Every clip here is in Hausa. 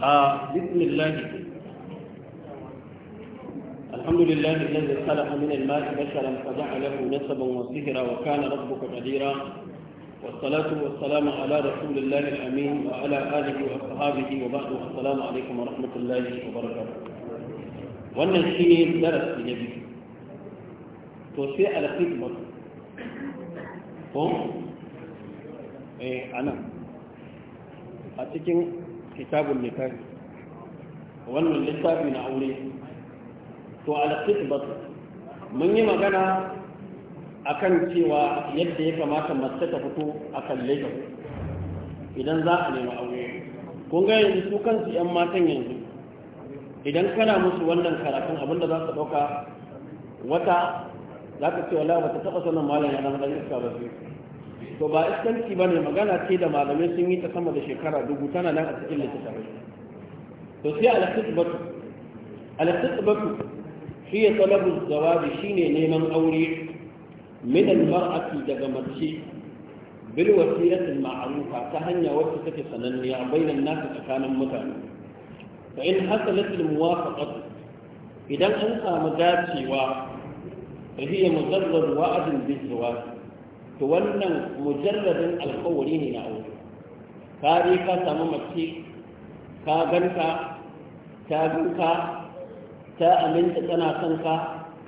a bismi lahi alhamdulillahi lalzi salaha min almasi basharan fada'a lahu wa sihira wa kana rabbuka qadira wassalatu wassalamu ala rasulillahi alamin wa ala alihi wa shine darasi na biyu to sai alhaji mu a cikin kitabun nikahi wannan littafi na aure to al-qisbat mun yi magana akan cewa yadda ya kamata mace ta fito a idan za a nemi aure kun ga yanzu su kansu yan matan yanzu idan kana musu wannan karatun abinda za su dauka wata za ka ce wala ta taba sanin malam ya iska ba sai to ba iskanci ba ne magana ce da malamai sun yi ta sama da shekara dubu tana nan a cikin littattafai to sai al-khitbatu al-khitbatu shi ya talabu zawabi shine neman aure min al daga mace bil wasilatil ma'rufa ta hanya wacce take sananniya bainan nasu tsakanin mutane fa in hasalat al-muwafaqatu idan an samu dacewa fa hiya mujarrad wa'dun bil to wannan mujalladin alkawari ne na aure ka je ka samu mace ka ganta ta ganka ta aminta tana son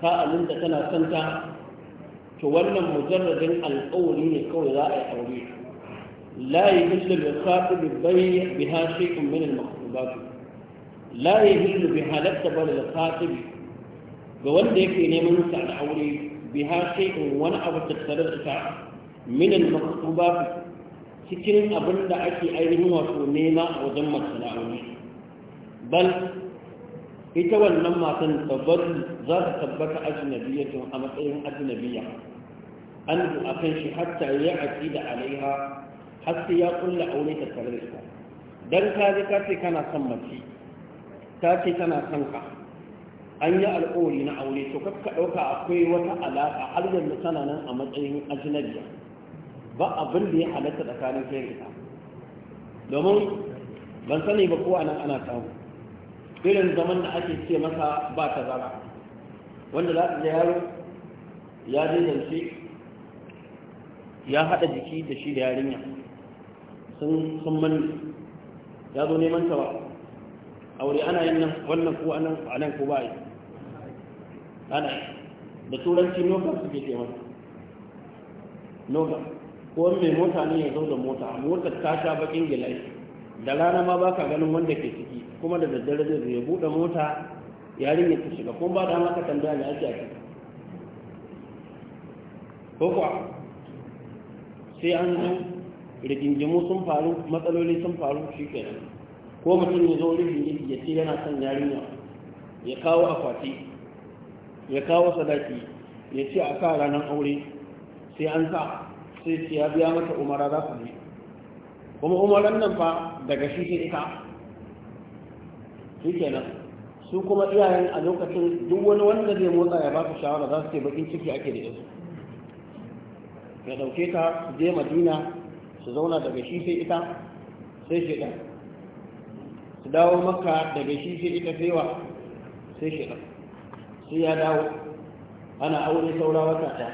ka aminta tana son to wannan mujalladin alkawari ne kawai za a yi aure la yahillu bi khatibi bayyi biha shay'un min al-maqsubat la yahillu bi halatta bal al-khatibi ga wanda yake neman sa aure biha shay'un wani abu tattare da ita min al-maktubat cikin abin da ake ainihin wato nema a wajen masana'o'i bal ita wannan matan tabbat za ta tabbata ajnabiyatun a matsayin ajnabiya an a kan shi hatta ya aqida alaiha har sai ya kulla aure tattare da ita dan ka ji ka ce kana son mace ta ce kana son ka an yi alƙawari na aure to kakka ɗauka akwai wata alaƙa har yanzu tana nan a matsayin ajinabiya ba abin da ya halatta tsakanin kai ita domin ban sani ba kowa nan ana samu irin zaman da ake ce masa ba ta zara wanda za ka yaro ya je zance ya haɗa jiki da shi da yarinya sun mani ya zo neman ta ba aure ana yin nan wannan ko anan ko ba yi ana da turanci noga suke ce masa noga ko mai mota ne ya zo da mota motar ta sha bakin gilai da rana ma baka ganin wanda ke ciki kuma da daddare zai zo ya buɗe mota yarin ya shiga ko ba da maka tambaya ne ake ake ko kuwa sai an zo rigingimu sun faru matsaloli sun faru shi kenan ko mutum ya zo rigingimu ya ce yana son yarinya ya kawo akwati ya kawo sadaki ya ce a sa ranar aure sai an sa sai ce ya biya mata umara za su ne kuma umaran nan fa daga shi sai ita shi kenan su kuma iyayen a lokacin duk wani wanda zai motsa ya ba su shawara za su ce bakin ciki ake da yasu ya dauke ta su je madina su zauna daga shi sai ita sai shaidan su dawo maka daga shi sai ita wa sai shi ɗan. sai ya dawo ana aure saura wata ta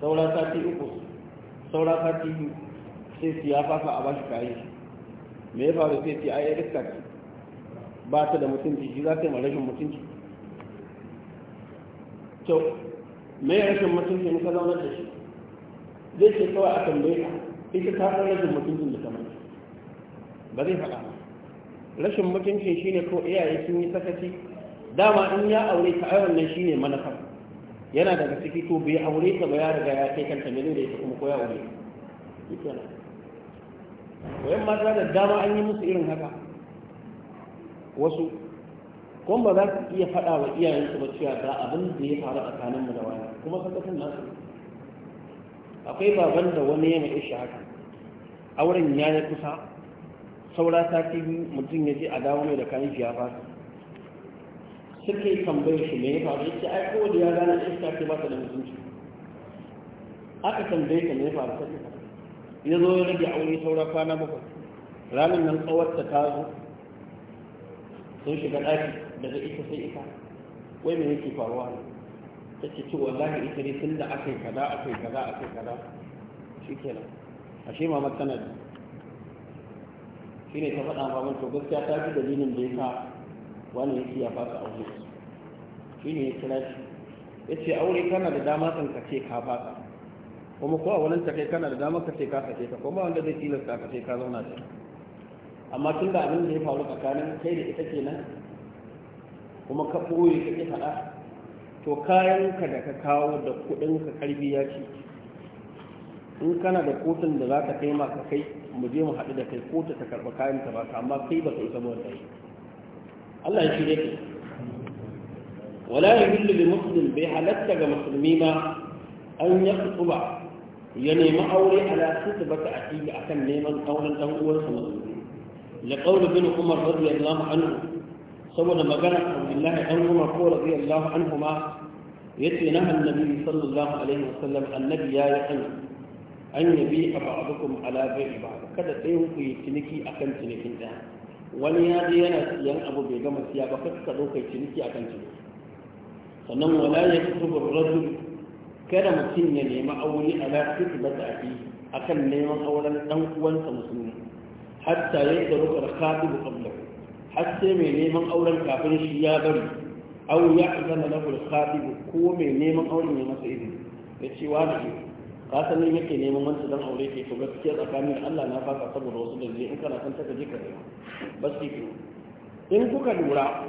saura sati uku saura sati biyu sai su ya fafa a bashi kayi me ya faru sai su a yi iska ba ta da mutunci shi za ta yi rashin mutunci to me rashin mutunci ka zauna da shi zai ce kawai a tambaye ka ita ta san rashin mutuncin da kamar ba zai faɗa rashin mutuncin shine ko iyaye sun yi sakaci dama in ya aure ta ai nan shine manufar yana daga ciki to bai aure ta ba ya riga ya kai kanta ne da ita kuma ko ya aure ita na mata da dama an yi musu irin haka wasu kuma ba za su iya faɗa wa iyayensu ba cewa ga abin da ya faru tsakaninmu da wani kuma sakatun nasu akwai baban da wani yana ishi haka auren ya yi kusa saura sati biyu mutum ya je a dawo mai da kayan shi ya fasa suka yi tambaye shi me ya faru yace ai ko da ya gane iska ce ba ta da mutunci aka tambaye ta me ya faru sai ya zo ya rage aure saura kwana bakwai ranar nan tsawar ta ta zo sun shiga ɗaki daga ita sai ita wai me yake faruwa ne ta ce wallahi ita ne tun da aka yi kaza aka yi kaza aka yi kaza shi kenan ashe mamar tana da shi ne ta faɗa mamar to gaskiya ta fi dalilin da ya sa wani yake ya baka aure shi ne ya kira shi ya ce aure kana da dama kan ka ce ka baka kuma ko a wurin kai kana da dama ka ce ka kace ka kuma wanda zai tilasta ka ce ka zauna da amma tun da abin da ya faru tsakanin kai da ita kenan kuma ka ɓoye ka ƙi faɗa to kayanka da ka kawo da kuɗinka karfi ya ci in kana da kotun da za ka kai ma ka kai mu je mu haɗu da kai kotu ta karɓi kayan ta ba amma kai ba ka isa ba wanda yi Allah ya shirye ka wala yahillu lil muslim bai halatta ga musulmi ma an yaqtuba ya nemi aure ala sitbata a kan neman auren dan uwansa musulmi لقول ابن عمر رضي الله anhu saboda magana abdullahi an umar ko radiyallahu anhuma yace na annabi sallallahu alaihi wasallam annabi ya yi an an yabi abu abadukum ala bai'i ba kada sai ku yi ciniki akan cinikin da wani ya je yana siyan abu bai gama siya ba ka ka ɗaukar ciniki a kan ciniki sannan wala ya fi tubar rajul kada mutum ya nemi aure a lafiyar da ta fi a kan neman auren ɗan uwansa musulmi hatta yadda rukar kaɗi da har sai mai neman auren kafin shi ya bari au ya azana na al ko mai neman auren ya masa izini ya ce wani ka san yake neman wancan dan aure ke to gaskiya tsakanin Allah na faka saboda wasu dalilai in kana san taka je ba bas in kuka lura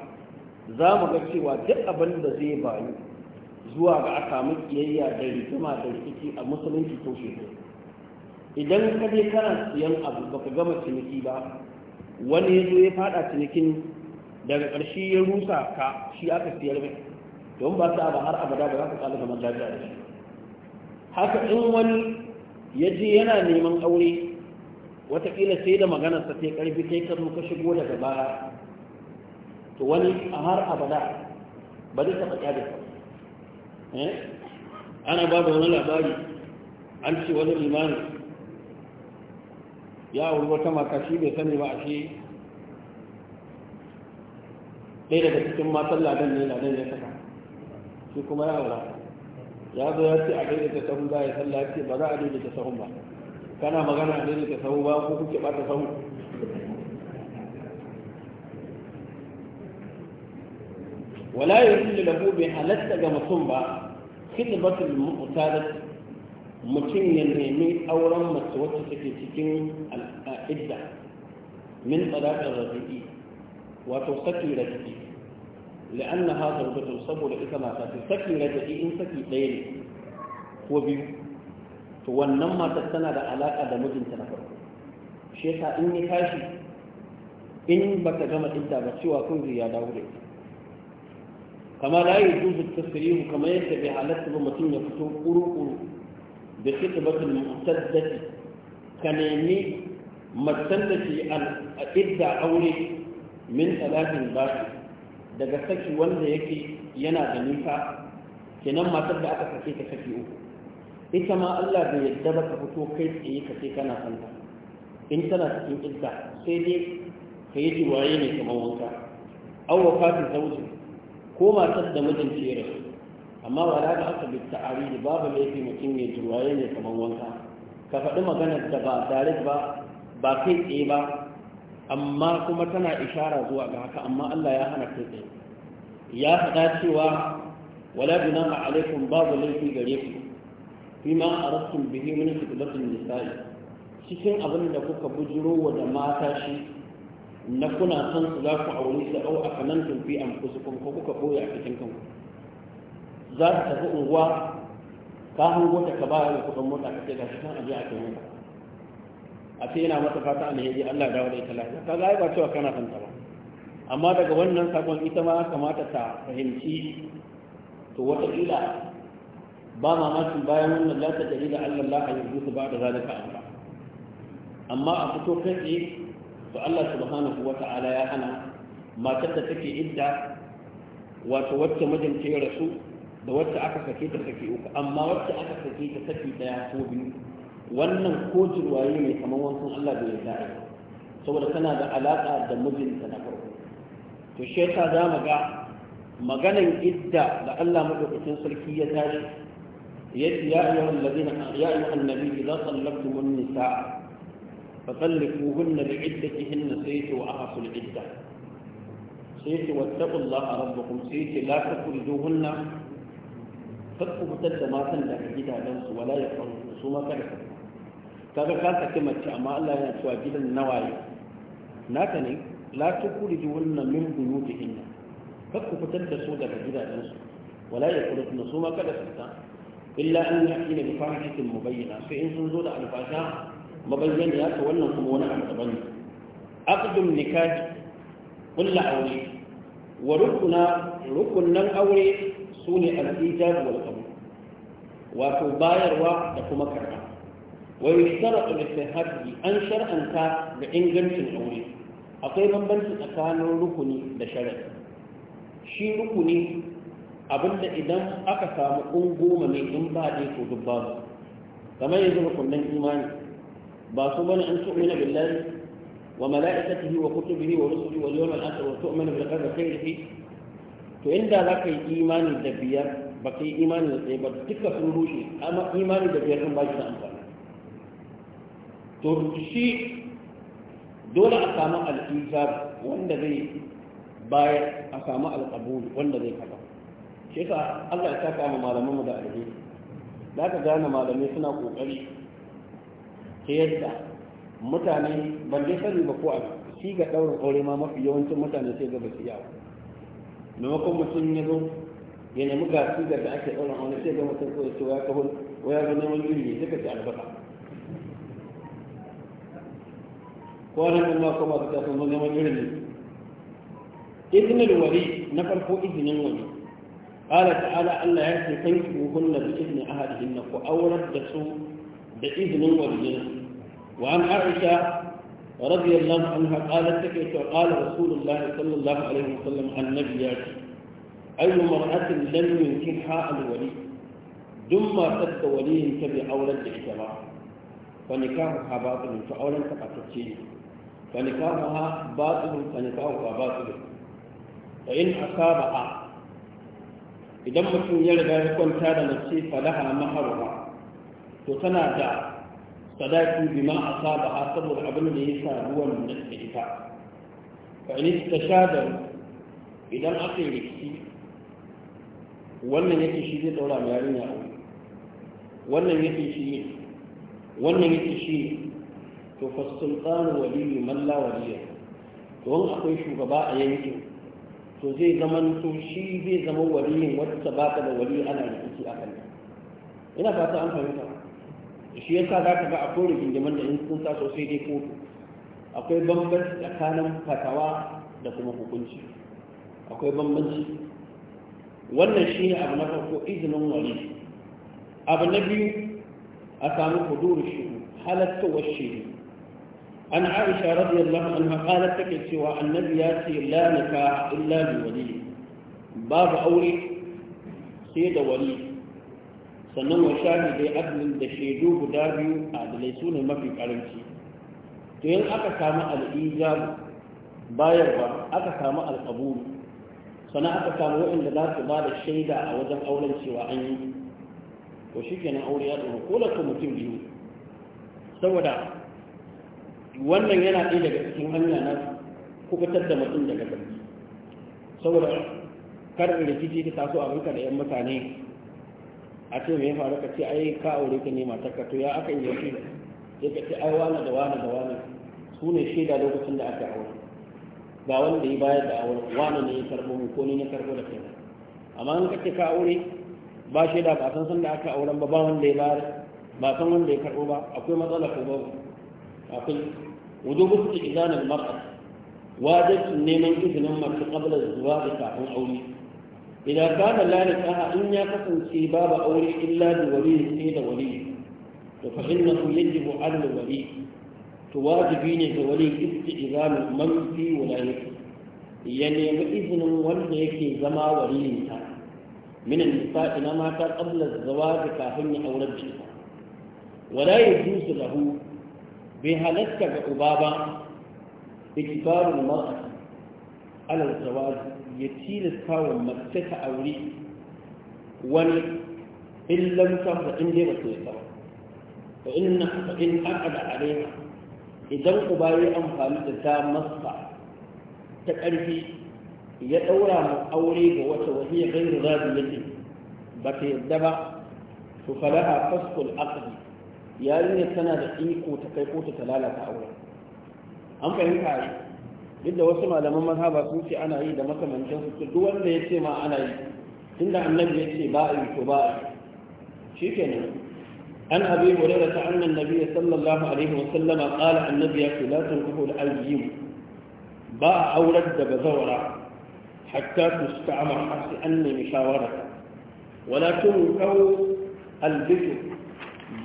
za mu ga cewa duk abin da zai bayu zuwa ga a samu kiyayya da rikima da rikici a musulunci ko shekaru idan ka je kana siyan abu baka gama ciniki ba wani ya zo ya fada cinikin daga ƙarshe ya rusa ka shi aka siyar mai don ba su ba har abada ba za ka kala zaman lafiya da shi haka in wani ya je yana neman aure watakila sai da maganarsa ta karfi kai ka ka shigo daga baya to wani a har abada ba zai taɓa ƙyada eh? ana ba da wani labari an ce wani limani ya wuri wata maka shi bai sani ba a shi ɗaya daga cikin matan ladan ne ladan ya saka shi kuma ya wula ya zo ya ce a kai daidaita sahun ba ya sallah ce ba za a daidaita sahun ba kana magana a daidaita sahun ba ko kuke ɓata sahun wala ya yi da lafu bai halatta ga mutum ba khidmatul mu'tadat mutum ya nemi auren mace wacce take cikin al'adda min tsadaƙar rabi'i wato sakin rabi'i la'anna ha zaujatu saboda ita mata ce saki raja'i in saki ɗaya ne ko biyu to wannan matar tana da alaƙa da mijinta na farko shi in ya tashi in baka gama idda ba cewa kun ya dawo ita kama la yi juzu tasirihu kamar yadda bai halatta ba mutum ya fito kuru-kuru da fitibatul mu'taddati ka nemi macen da ke a idda aure min talatin bashi daga saki wanda yake yana da nisa kenan matar da aka sake ta saki uku ita ma Allah bai yadda ba ka fito kai tsaye ka sai kana santa in tana cikin idda sai dai ka yi jiwaye ne kamar wanka aw wafatin zauji ko matar da mijin ce rasu amma wala da aka bi ta'ari babu laifi mutum ya jiwaye ne kamar wanka ka faɗi maganar da ba tare ba ba kai tsaye ba amma kuma tana ishara zuwa ga haka amma Allah ya hana kai tsaye ya faɗa cewa wala bina alaikum babu laifi gare ku fi ma arastum bihi min fitlatin nisa'i cikin abin da kuka bujiro wa da mata shi na kuna san su za ku aure su au aka nan tun fi an ko kuka boye a cikin kanku za ku tafi unguwa ka hango ta ka bayar da kuɗin mota ka ce ga shi kan aje a kai mota a ce yana mata fata alheri Allah ya dawo da ita lafiya kaga ai ba cewa kana santa ba amma daga wannan sakon ita ma kamata ta fahimci to wata kila ba mamakin bayan wannan la ta dalila Allah la ya yusu ba da zalika amma a fito kai tsaye to Allah subhanahu wata'ala ya hana matar da take idda wato wacce mijinta ya rasu da wacce aka sake ta sake uku amma wacce aka sake ta sake daya ko biyu wannan ko jirwaye mai kamar wancan Allah bai yarda a saboda tana da alaƙa da mijinta na farko to shi yasa za mu ga maganan idda da Allah madaukakin sarki ya tashi yace ya ayyuhal ladina ya ayyuhan nabi idza sallaktumun nisaa fa sallikuhunna bi iddatihinna sayti wa ahsul idda sayti wattaqullaha rabbakum sayti la takriduhunna kakku fitar da matan daga gidajensu wala ya faru su ma kada kaga ka saki mace amma Allah yana cewa gidan nawaye naka ne la tukuriju wannan min buyutihin kar ku fitar da su daga gidajensu wala yakhrujna su ma kada fita illa an ya'tina bi fahishatin mubayyana sai in sun zo da alfasha mabayyana ya ta wannan kuma wani abu daban aqdum nikah kullu aure wa rukuna rukunan aure sune al-ijab wal qabul wato bayarwa da kuma karɓa wa yushtaratu li sihhatihi an shar'anta da ingancin aure akwai bambanci tsakanin rukuni da sharadi shi rukuni abinda idan aka samu kun goma ne in ba dai ko duk yanzu ba su an وملائكته وكتبه ورسله واليوم الآخر وتؤمن بالقدر خيره to inda za ka yi imani da biyar ba ka yi imani da tsaye ba rushe da biyar sun amfani to shi dole a samu al'izar wanda zai bayar a samu alƙabul wanda zai kafa shi yasa Allah ya kama mu malaman mu da alhe za ka gane malamai suna kokari ta yadda mutane ban dai sani ba ko a shi ga ɗaurin aure ma mafi yawancin mutane sai ga ba su yawa maimakon mutum ya zo ya nemi ga da ake ɗaurin aure sai ga mutum ko ya ce ya kawo ya zo neman ilimi sai ka ci albasa wannan kuma ko su tasan sun zama irin ne izinin wali na farko izinin wali ala ta'ala Allah ya ce kai ku kunna bi izni ahadihin ku aurar da su da izinin waliyin wa an aisha رضي الله عنها قالت تكيت وقال رسول الله صلى الله عليه وسلم عن نبيات ta bi لم da ita ba. Wani ولي تبي أولا لإجراء فنكاحها باطل فأولا تقتل فنكاحها باطل فنكاحها باطل فإن أصابها idan mutum ya riga ya kwanta da mace falaha maharwa to tana da sadaki bima asaba a saboda abin da ya sa ruwan da ta ita fa in tashadar idan aka yi rikici wannan yake shi zai daura ma yarinya aure wannan yake shi wannan yake shi to fasultanu waliyu man la waliya to wani akwai shugaba a yankin to zai zama to shi zai zama waliyin wata ba ta da wali ana rikici a kan ina fata an fahimta shi yasa za ka ga akwai rigingimin da in sun sa sosai dai kotu akwai bambanci tsakanin fatawa da kuma hukunci akwai bambanci wannan shi ne abu na farko izinin wali abu na biyu a samu huduru shi halatta wa shi an aisha radiyallahu anha qalat take cewa annabi ya ce la nikaha illa bi wali babu aure sai da wali sannan wa dai adlin da shaidu guda biyu adalai su mafi karanci to yin aka samu al'ijabu bayarwa aka samu alƙabulu sannan aka samu waɗanda za su ba da shaida a wajen auren cewa an yi to shi kenan aure ya tsoro ko mutum biyu saboda wannan yana ɗaya daga cikin hanya na kubutar da mutum daga sarki saboda da rikici ta taso abinka da 'yan mutane a ce mai faru ka ce ai ka aure ka ne matarka to ya aka yi yake ya ka ce ai wani da wani da wani su ne shaida lokacin da aka aure ga wanda ya bayar da aure wani ne ya karbo mu ko ne ya karbo da kai amma in ce ka aure ba shaida ba san san da aka auren ba ba wanda ya bayar ba san wanda ya karbo ba akwai matsala ko ba akwai wudu musu al mar'a wajibin neman izinin mace qabla zuwa da kafin aure idan kana lalika a in ya kasance babu aure illa da wali sai da wali to fa innahu yajibu ala wali to wajibi ne ga wali al mar'a fi wilayati ya nemi izinin wanda yake zama walinta min nisa'i na mata qabla da kafin ya aurar da ita wala yajuzu lahu bai halatta ga uba ba ikibarun mar'a alal zawali ya tilasta wa mace ta aure wani illan lamsar da in dai ba su yasa ba in na in aka da arewa idan uba ya amfani da damarsa ta ƙarfi ya ɗaura mu aure ga wata wahiyar gairu zaɓi yake ba ta yadda ba to a faskul aqdi yarinya tana da iko ta kai kotu ta lalata aure an fahimta shi. duk da wasu malaman mazhaba sun ce ana yi da makamancin su duk wanda ya ce ma ana yi tunda annabi ya ce ba a yi to ba a yi shikenan an abi hurairah ta annan nabi sallallahu alaihi wa sallama qala annabi ya ce la tanquhu al-ayyim ba a aurar da bazawara hatta tusta'ama hasi anni mishawarata wala tunqahu al-bikr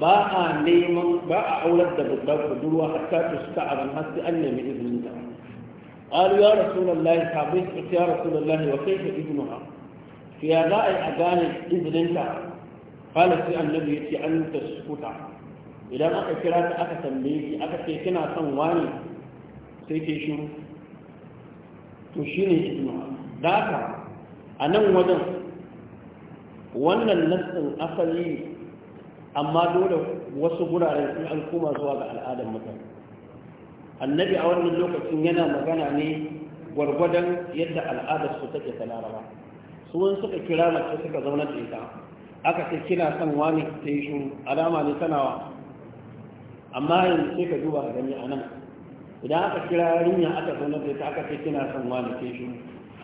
ba a neman ba a aurar da budurwa a ta suka a har sai an nemi izinin ta qalu ya rasulullahi sahabbai suka ce ya rasulullahi wa kaifa ibnuha to ya za a yi a gane izinin ta qala sai annabi ya ce an taskuta idan aka kira ta aka tambaye ki aka ce kina son wani sai ke shiru to shi ne shine ibnuha da haka a nan wajen wannan nassin asali amma dole wasu guraren sun an koma zuwa ga al'adar mutane annabi a wannan lokacin yana magana ne gwargwadon yadda al'adar su take ta laraba su wani suka kira mace suka zauna da ita aka ce kina son wani ta yi shuru alama ne sanawa amma yanzu sai ka duba gani a nan idan aka kira yarinya aka zauna da ita aka ce kina son wani ta yi shuru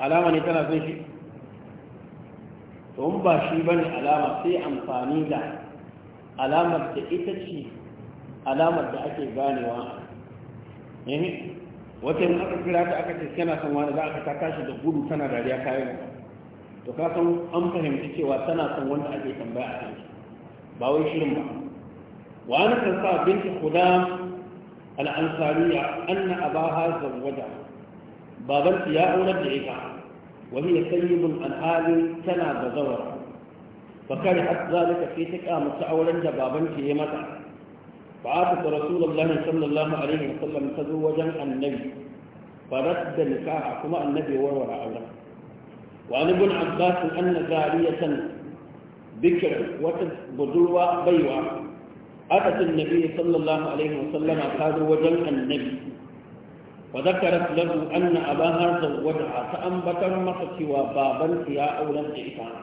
alama ne tana son shi to ba shi bane alama sai amfani da alamar da ita ce alamar da ake ganewa eh wata yin aka kira ta aka ce kana son wani za a ta tashi da gudu tana dariya kayan to ka san an fahimci cewa tana son wanda ake tambaya a kan ba wai shirin ba wa ana kan sa binta kuda al'ansariya anna abaha zawwaja baban ya aurar da ita ya sanyi sayyibun al'ali tana da zawara fakari har zalika sai ta kamata auren da babanta ya mata فعاتت رسول الله صلى الله عليه وسلم تزوجا النبي فرد نكاح كما النبي ورور أولا وعن ابن عباس أن زارية بكر وتبدلوا بيوة أتت النبي صلى الله عليه وسلم تزوجا النبي وذكرت له أن أباها زوجها فأنبت مصر وبابا يا أولا إيطانا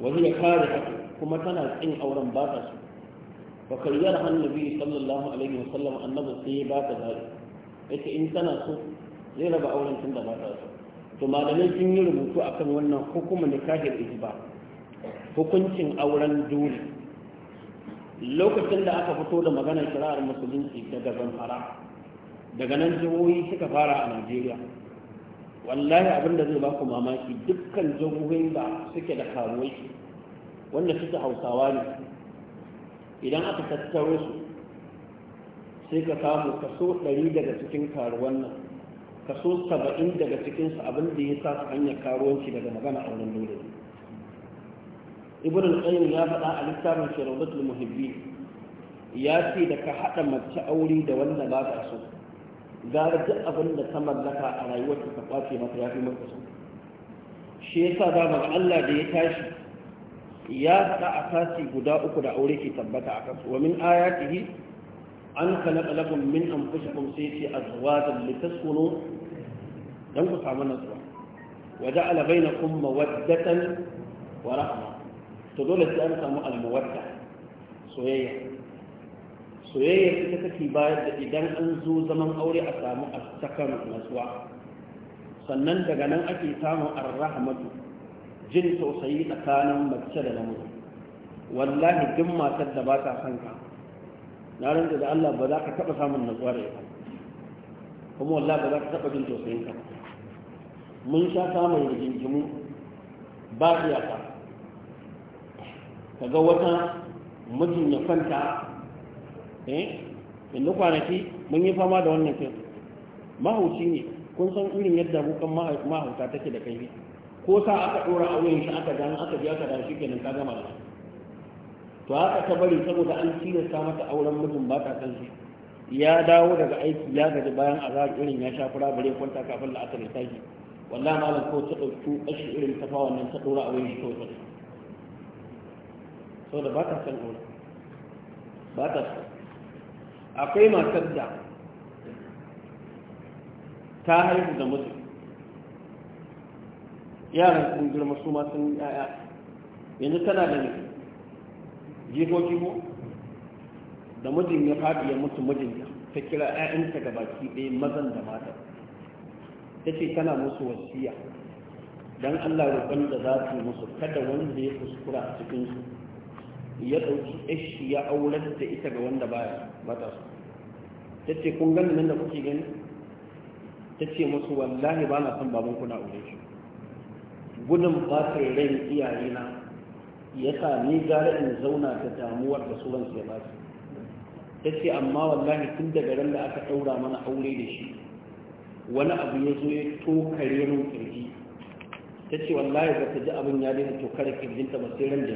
wani ya kare haka kuma tana tsin auren ba ta su ba karyar hannabi sallallahu alaihi wa sallam annabi sai ya ba ta zaɓi yake in tana so zai raba auren tun da ba ta so to malamai sun yi rubutu a kan wannan ne da kahir ba hukuncin auren dole lokacin da aka fito da magana maganar shari'ar musulunci daga zamfara daga nan jihohi suka fara a najeriya wallahi abin da zai baku mamaki dukkan jagohin da suke da kawai wanda suke hausawa ne idan aka tattaro su sai ka samu kaso 100 daga cikin karuwan nan kaso 70 daga cikinsu abin da ya sa su hanyar karuwanci daga magana a wurin dole ibn al ya faɗa a littafin shiraudatul muhibbi ya ce da ka haɗa mace aure da wanda ba ka so gara duk abin da ta mallaka a rayuwar ta kwace mata ya fi maka su shi yasa da man Allah da ya tashi ya sa a tasi guda uku da aure ke tabbata a kansu wa min ayatihi an khalaqa lakum min anfusikum sayti azwajan litaskunu dan ku samu natsuwa wa ja'ala bainakum mawaddatan wa rahma to dole sai an samu al soyayya soyayya ita kake bayar da idan an zo zaman aure a samu a sakan nasuwa sannan daga nan ake samun arrahamatu jin tausayi tsakanin mace da namiji wallahi duk matar da ba ta son ka na rinda da Allah ba za ka taɓa samun nasuwa da ita kuma wallahi ba za ka taɓa jin tausayin ka mun sha samun rigingimu ba iyaka kaga wata mutum ya kwanta eh inda kwanaki mun yi fama da wannan fim mahauci ne kun san irin yadda bukan mahauta take da kaifi ko sa aka dora a shi aka gani aka biya ka da shi kenan ka gama da to haka ta bari saboda an ta mata auren mijin ba ta san shi ya dawo daga aiki ya gaji bayan azhar irin ya sha fura bare kwanta kafin la'asar ya tashi wallahi malam ko ta dauki kashi irin fa wannan ta dora a wurin shi kawai saboda ba ta san ba ta san akwai matar da ta haihu da mutu yaran sun girma su ma sun yaya yanzu tana da ne jikoki ko da mijin ya faɗi ya mutu mijinta ta kira 'ya'yanta ga baki ɗaya mazan da mata ta ce tana musu wasiya don allah roƙon da za su musu kada wanda ya kuskura a cikinsu ya ɗauki ya aurar da ita ga wanda baya mata su ta ce kun gani nan da kuke gani ta ce masu, wallahi ba na son babanku na aure shi gudun ɓatar rai iyayena ya sa ni gara in zauna ta damuwar da su ransu ya ba su ta ce amma wallahi tun daga ran da aka ɗaura mana aure da shi wani abu ya zo ya tokare min kirji ta ce wallahi ba ta ji abin ya daina tokare kirjinta ba sai ran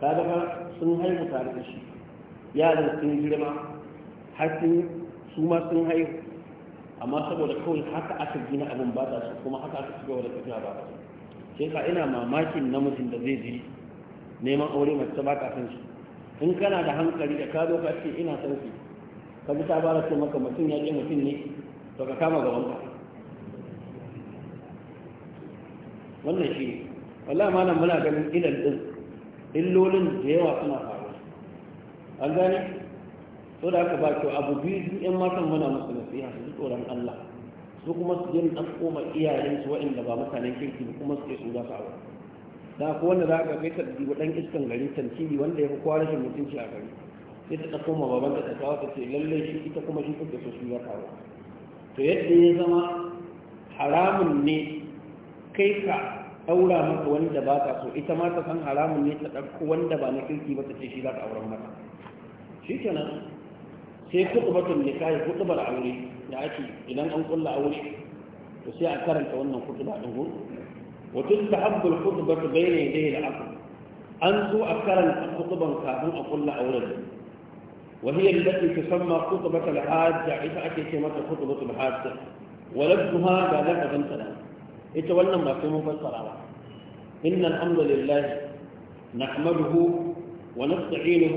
da ta sun haihu tare da shi yaran sun girma har su ma sun haihu amma saboda kawai haka aka gina abin ba ta su kuma haka aka shiga da tafiya ba ta sai ka ina mamakin namijin da zai ji neman aure mai ba kafin shi in kana da hankali da ka zo ka ce ina san shi ka bi ta bara ce maka mutum ya ce mutum ne to ka kama gaban ka wannan shi wallahi malam muna ganin ilal din illolin da yawa suna faruwa an gane to da aka ba kyau abu biyu duk yan matan muna musu nasiha su tsoron Allah su kuma su jin an koma iyayensu waɗanda ba mutanen kirki ba kuma su ke su za su aure da ko wanda za ka kai ta wa dan iskan gari tantili wanda ya fi kwara mutunci a gari sai ta ɗauko ma baban ta kawo ta ce lallai shi ita kuma shi kuka so su ya kawo to yadda ya zama haramun ne kai ka ɗaura maka wanda ba ka so ita ma ta san haramun ne ta ɗauko wanda ba na kirki ba ta ce shi za ta auren mata shi kenan sai kutubatun nikahi kutubar aure da ake idan an kulla aure to sai a karanta wannan kutuba din gudu wata ta habbul kutuba ta bayyana ya dai da aku an zo a karanta kutuban kafin a kulla auren وهي التي تسمى خطبة الحاجة إذا أتيت متى خطبة الحاجة ولفظها قال لك ba. يتولى ما في مفسر إن الحمد لله نحمده ونستعينه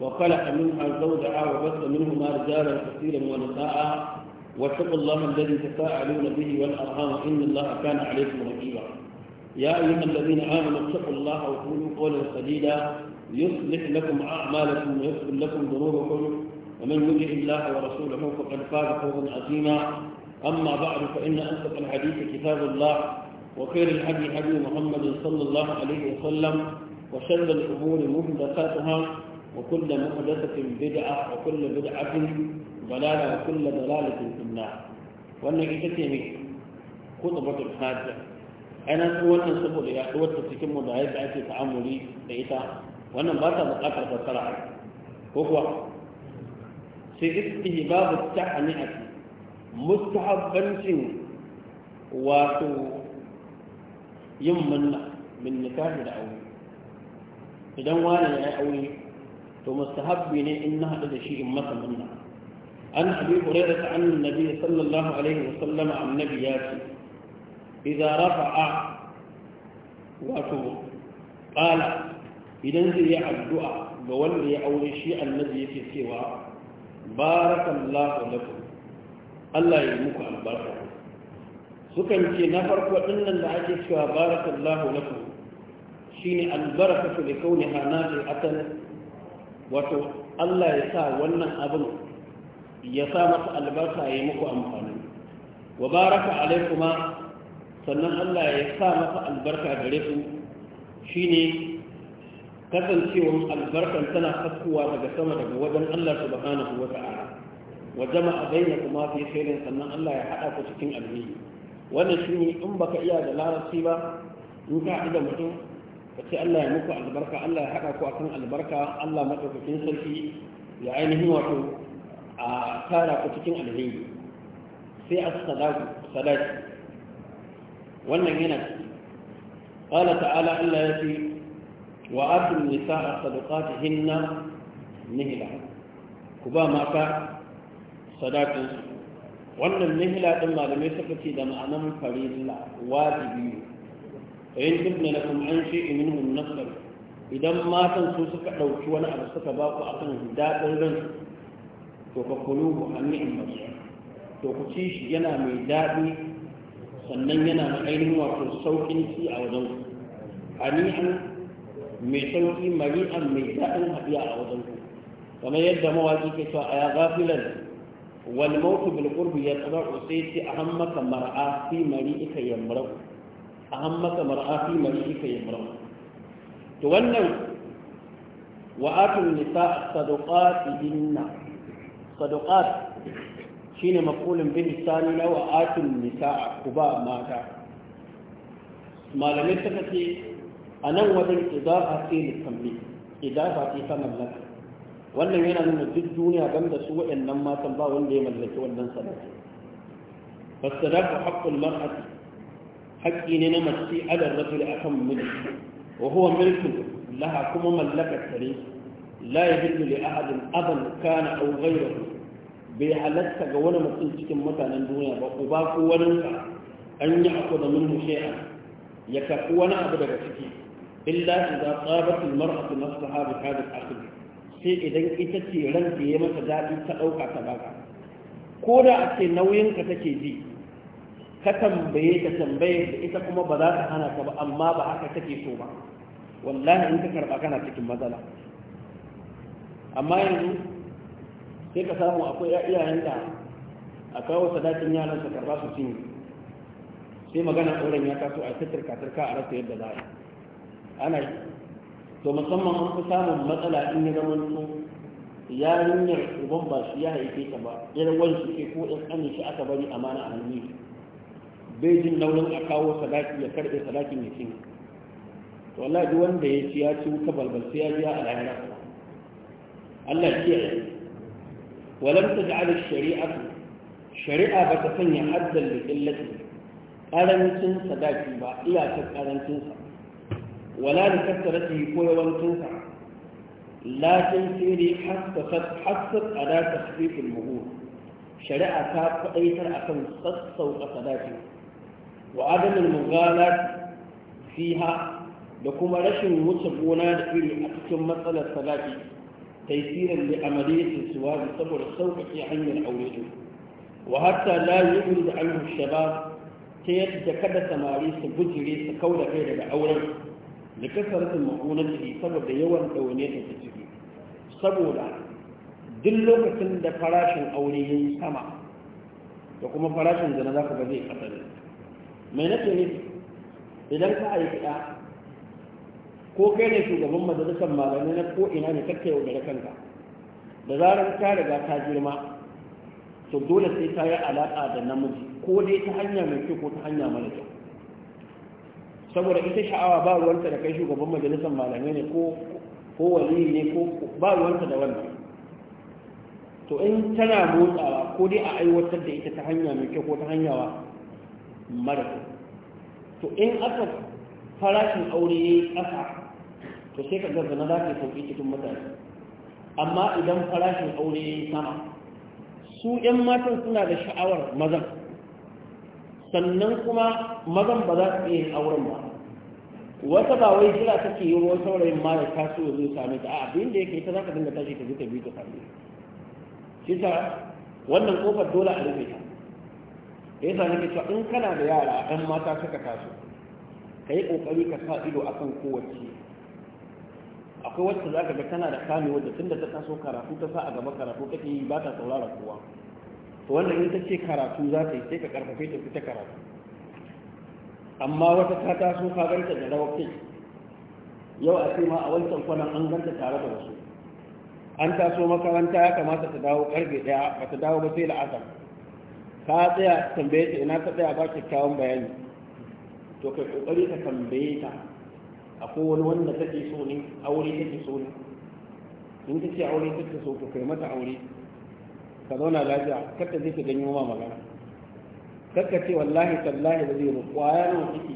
وخلق منها زوجها وبث منهما رجالا كثيرا ونساء واتقوا الله الذي تساءلون به والارحام ان الله كان عليكم رقيبا يا ايها الذين امنوا اتقوا الله وقولوا قولا سديدا يصلح لكم اعمالكم ويغفر لكم ذنوبكم ومن يطع الله ورسوله فقد فاز فوزا عظيما اما بعد فان اصدق الحديث كتاب الله وخير الحديث حديث محمد صلى الله عليه وسلم وشر الامور محدثاتها وكل محدثة بدعة وكل بدعة ضلالة وكل ضلالة في النار وأنا إتتني خطبة الحاجة أنا أن سبب يا أخوة تتكم ضعيف في تعاملي لإيتا وأنا بات بقاطع تطلع وهو في باب التحنئة مستحب بنسي واتو يمن من نكاح الأول إذا وانا يا أولي to mustahabbi ne in na haɗu da shi in masa munna an abi hurairah ta annan nabi sallallahu alaihi wa sallam annabi ya ce idza rafa'a wato qala idan zai yi addu'a ga wanda ya aure shi annabi yake cewa barakallahu lakum Allah ya yi muku albarka sukan ce na farko dinnan da ake cewa barakallahu lakum shine albarakatu li kauniha nazilatan wato Allah ya sa wannan abin ya sa masa albarka ya muku amfani wa baraka alaikuma sannan Allah ya sa masa albarka gare ku shine kasancewar albarkan tana sakkuwa daga sama daga wajen Allah subhanahu wa ta'ala wa jama'a kuma fi khairin sannan Allah ya hada ku cikin alheri wannan shine in baka iya da larabci ba in ka da mutum ka ce Allah ya muku albarka Allah ya haɗa ku akan albarka Allah maɗaukakin sarki ya ainihin wato a tara ku cikin alheri sai a sadaki wannan yana ciki ƙala ta'ala Allah ya ce wa abdul nisa a sadaqatihinna nihila ku ba mata sadakinsu wannan nihila din malamai suka ce da ma'anan farilla wajibi in tubna lakum an shay'in minhum nafsan idan matan su suka dauki wani abu suka ba ku akan dadin ran to fa kuluhu hani'an masya to ku ci shi yana mai dadi sannan yana da ainihin wato saukin ci a wajen ku hani'an mai sauki mari'an mai dadin hadiya a wajen ku kamar yadda mawaki ke cewa a ya gafilan wal mautu bil qurbi ya tsara sai ce a hammaka mar'a fi mari'ika yamraku a an maka mar'afi mar'ika ya mar'a to wannan wa'atun nisa sadaqati inna sadaqat shine maqulun bihi sani na wa'atun nisa kuba mata malamai ta ce a nan wajen idafa ce likamli idafa ce ta mallaka wannan yana nuna duk duniya ban da su waɗannan matan ba wanda ya mallaki wannan sadaka fasadaka haqqul mar'ati haƙƙi ne na mace alar rajul akan mulki wa huwa laha kuma mallakar tare la yahillu li ahadin aban kana aw ghayruhu bai halatta ga wani mutum cikin mutanen duniya ba uba ko wani an yi aku da minhu shay'a ya kafu wani abu daga ciki illa idza tsabat al mar'atu nafsaha bi hadha al sai idan ita ce ranta ya mata dadi ta ɗauka ta baka ko da a ce take ji ka tambaye ta tambaye da ita kuma ba za ta hana ka ba amma ba haka take so ba wallahi in ka karba kana cikin matsala amma yanzu sai ka samu akwai iyayen da a kawo sadakin yaran su karba su cinye sai magana auren ya taso a ta turka turka a rasa yadda za a ana yi to musamman an fi samun matsala in ya zama to yarinyar uban ba shi ya haife ta ba irin wani suke ke ko in amince shi aka bari amana a hannun bai jin nauyin a kawo sadaki ya karbe sadakin ya cinye to Allah duk wanda ya ci ya ci wuta balbal sai ya biya a lahira Allah ya kiyaye walam taj'al ash-shari'atu shari'a ba ta sanya haddan da illati karancin sadaki ba iyakar karancin sa wala da kasarati ko yawancin sa lakin sai ne hassasat hassat ada tasfiqul muhur shari'a ta faɗaitar akan sassauka sadaki wa adamin mughalat fiha da kuma rashin wuce gona da iri a cikin matsalar salati taysiran li amaliyatin suwabi saboda sauƙaƙe hanyar aure su wa hatta la da anhu shabab ta yadda kada samari su bujire su kauda kai daga auren da kasaratin ciki saboda yawan ɗaune ta ciki saboda duk lokacin da farashin aure ya yi sama da kuma farashin zana za ka ba zai kasar mai nake nufi idan ka aiki ɗa ko kai ne shugaban majalisar malamai na ko ina ne kakka yau da kanka da zarar ka riga ta girma to dole sai ta yi alaƙa da namiji ko dai ta hanya mai kyau ko ta hanya mara kyau saboda ita sha'awa ba ruwanta da kai shugaban majalisar malamai ne ko ko ne ko ba ruwanta da wannan to in tana motsawa ko dai a aiwatar da ita ta hanya mai kyau ko ta hanyawa mara mara to in aka farashin aure ya yi ƙasa to sai ka gaza na za ka sauƙi cikin mutane amma idan farashin aure ya yi sama su 'yan matan suna da sha'awar mazan sannan kuma mazan ba za su iya yin auren ba wata ba wai jira ke yi ruwan saurayin ma da taso ya zo same ta abin da kai ta za ka dinga tashi ta zuta ta biyu ta sami. shi ta wannan kofar dole a rufe ta da yasa nake cewa in kana da yara ɗan mata suka taso ka yi ƙoƙari ka sa ido akan kowace akwai wacce za ka ga tana da kame wadda tun da ta taso karatu ta sa a gaba karatu take yi ba ta saurara kowa to wanda in ta ce karatu za ta yi sai ka karfafe ta fita karatu amma wata ta taso ka ganta da rawar kai yau a ce ma a wancan kwanan an ganta tare da wasu an taso makaranta ya kamata ta dawo karfe daya ba ta dawo ba sai la'asar ka tsaya tambaye ta ina ka tsaya ba kyakkyawan bayani to ka kokari ka tambaye ta a wani wanda take so ne aure take so ne in ka ce aure take so ka kai mata aure ka zauna lafiya kar zai je ka ganyo ma magana kar ka ce wallahi tallahi da zai ba kwaya nawa kike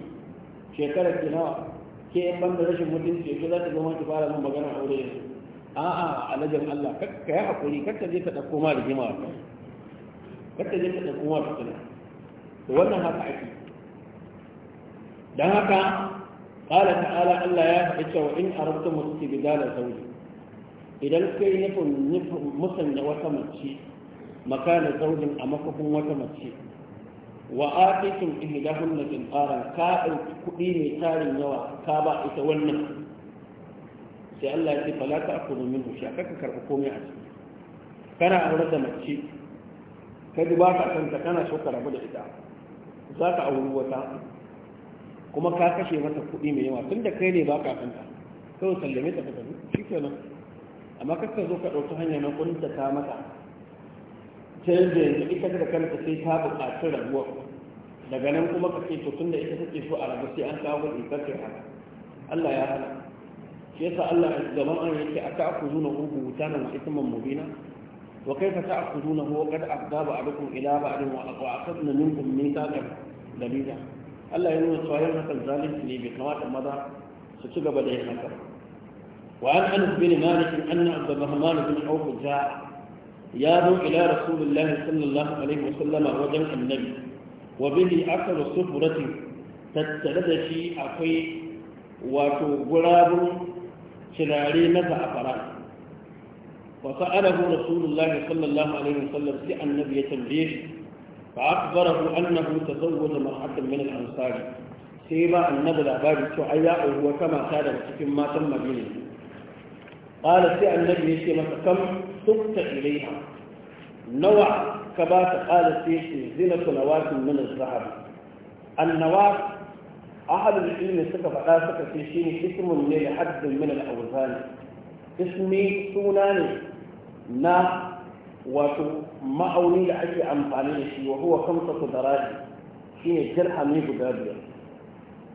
shekara ke nawa ke in banda rashin mutunci yanzu za ta zama ki fara min magana aure yanzu a'a alajan Allah kar ka yi hakuri kar ka je ka dauko ma rigima a kai kakka je ka ɗan fitina wannan haka ake dan haka qala ta'ala Allah ya faɗi cewa in arabtum mustibdala zawji idan kai nufin musanya wata mace makana zaujin a makafin wata mace wa atitum ihdahunna qintaran ka ɗauki kuɗi mai tarin yawa ka ba ita wannan sai Allah ya ce fala ta'khudhu minhu shay'a ka karɓi komai a ciki kana aure da mace kai ba ka santa kana so ka rabu da ita za ka auri wata kuma ka kashe mata kuɗi mai yawa tun da kai ne ba ka santa kawai sallame ta fita shi kenan amma kar ka zo ka ɗauki hanya na kunta ta mata canza yanzu ita da kanta sai ta buƙaci rabuwa daga nan kuma ka ce to tun da ita take so a rabu sai an kawo kuɗi kar kai haka Allah ya hana shi yasa Allah zaman an yake aka aku zuna ugu wuta na ma'aikaman mubina وكيف تأخذونه وقد أفضى بعضكم إلى بعض وأخذنا منكم ميثاقا غليظا Allah ya nuna cewa yin hakan zalunci ne bai kamata maza su ci gaba da yin hakan wa an anas bin malik anna abdurrahman bin auf ja ya zo ila rasulullahi sallallahu alaihi wa sallama wajen annabi wa bihi akalu sufurati tattare da shi akwai wato gurabun cirare na za'afara فسأله رسول الله صلى الله عليه وسلم في النبي تنبيه فأخبره أنه تزوج مرأة من الأنصار سيما النبي العباد شعياء وهو كما كان بسكن ما تم به قال سي النبي سيما كم تبت إليها نوع كبات قال سي زينة نواة من الذهب النواة أحد العلم سكف آسك في شيء اسم لحد من الأوزان اسمي سوناني na wato ma'auni da ake amfani da shi wa huwa kamsa kudarati shine dirhami guda biyar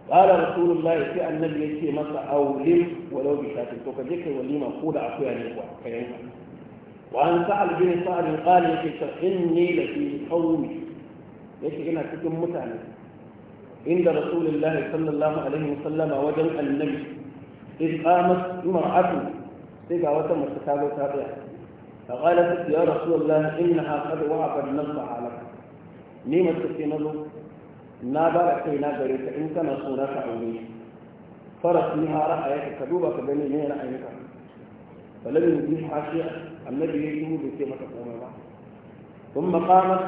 qala rasulullah sai annabi ya ce masa awlim walau bi shatin to kaje kai walima ko da akuya ne kuwa kai yanka wa an sa'al bin sa'ad qala yace inni la fi qawmi yace ina cikin mutane inda rasulullah sallallahu alaihi wasallama wajen annabi إذ mace ta إذا ta tsaya. فقالت يا رسول الله إنها قد وعب النصح لك نيمة تسينه نابا أكينا بريك إن كان صورة عمي فرسمها رأيك كدوبة بني مين رأيك فلم يجيها شيئا النبي يجيه بكيمة قومها ثم قامت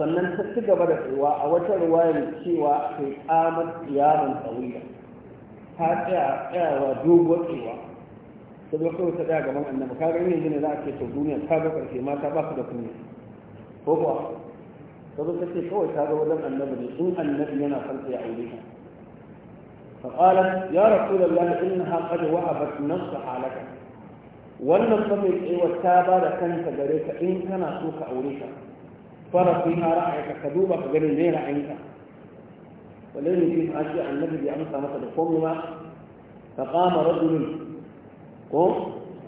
sannan ta ci gaba da cewa a wata ruwayar cewa kai kamar yaron tsawiya ta tsaya tsayawa doguwar tsayawa ta zo kawai ta tsaya gaban annabi ka ga yin yin za a ce to duniya ta ga karshe mata ba su da kunya ko kuwa ta zo ta ce kawai ta ga wajen annabi ne in annabi yana son ta ya aure ta فقالت يا رسول الله إنها قد وهبت نفسها لك wannan fa mai tsewar ta ba da kanta gare ka in kana so ka aure ka fara fi na ra'ayinka ka duba ka gani ne ra'ayinka walai ne kin ashi annabi bai amsa masa da komai ba fa qama rajulun ko